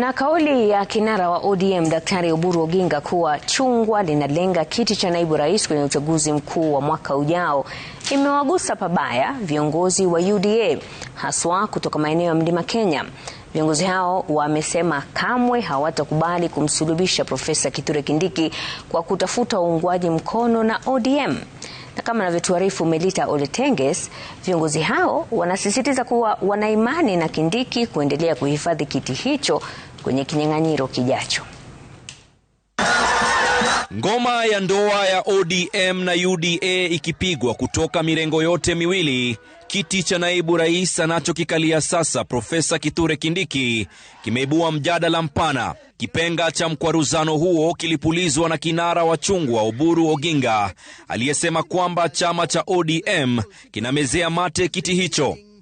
Na kauli ya kinara wa ODM Daktari Oburu Oginga kuwa chungwa linalenga kiti cha naibu rais kwenye uchaguzi mkuu wa mwaka ujao imewagusa pabaya viongozi wa UDA haswa kutoka maeneo ya Mlima Kenya. Viongozi hao wamesema kamwe hawatakubali kumsulubisha Profesa Kithure Kindiki kwa kutafuta uungwaji mkono na ODM. Na kama anavyotuarifu Melita Oletenges, viongozi hao wanasisitiza kuwa wana imani na Kindiki kuendelea kuhifadhi kiti hicho kwenye kinyang'anyiro kijacho. Ngoma ya ndoa ya ODM na UDA ikipigwa kutoka mirengo yote miwili, kiti cha naibu rais anachokikalia sasa Profesa Kithure Kindiki kimeibua mjadala mpana. Kipenga cha mkwaruzano huo kilipulizwa na kinara wa chungwa Oburu Oginga aliyesema kwamba chama cha ODM kinamezea mate kiti hicho.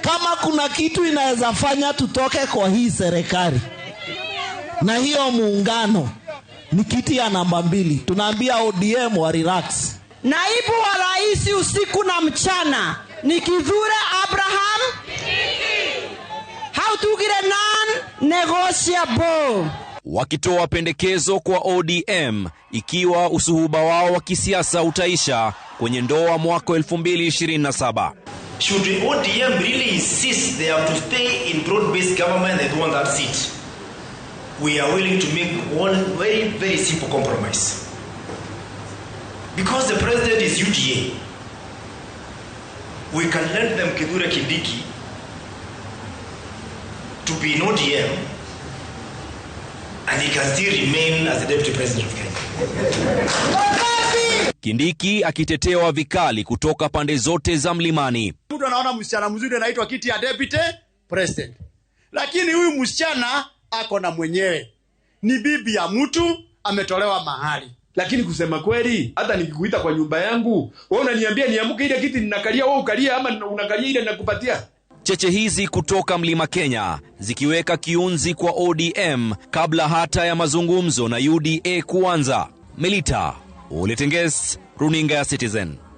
Kama kuna kitu inaweza fanya tutoke kwa hii serikali na hiyo muungano, ni kiti ya namba mbili. Tunaambia ODM wa relax. Naibu wa rais usiku na mchana ni Kithure Abraham a non negotiable wakitoa pendekezo kwa ODM ikiwa usuhuba wao wa kisiasa utaisha kwenye ndoa mwaka 2027. Should ODM really insist they have to stay in broad-based government, they don't want that seat. We are willing to make one very, very simple compromise. Because the president is UGA, we can lend them Kedura Kindiki to be in ODM and he can still remain as the deputy president of Kenya. Kindiki akitetewa vikali kutoka pande zote za mlimani. Mtu anaona msichana mzuri anaitwa kiti ya deputy president, lakini huyu msichana ako na mwenyewe, ni bibi ya mtu, ametolewa mahali. Lakini kusema kweli, hata nikikuita kwa nyumba yangu wewe unaniambia niamke ile kiti ninakalia, wewe ukalia, ama unakalia ile nakupatia cheche hizi kutoka Mlima Kenya zikiweka kiunzi kwa ODM kabla hata ya mazungumzo na UDA kuanza. Melita uletenges runinga ya Citizen.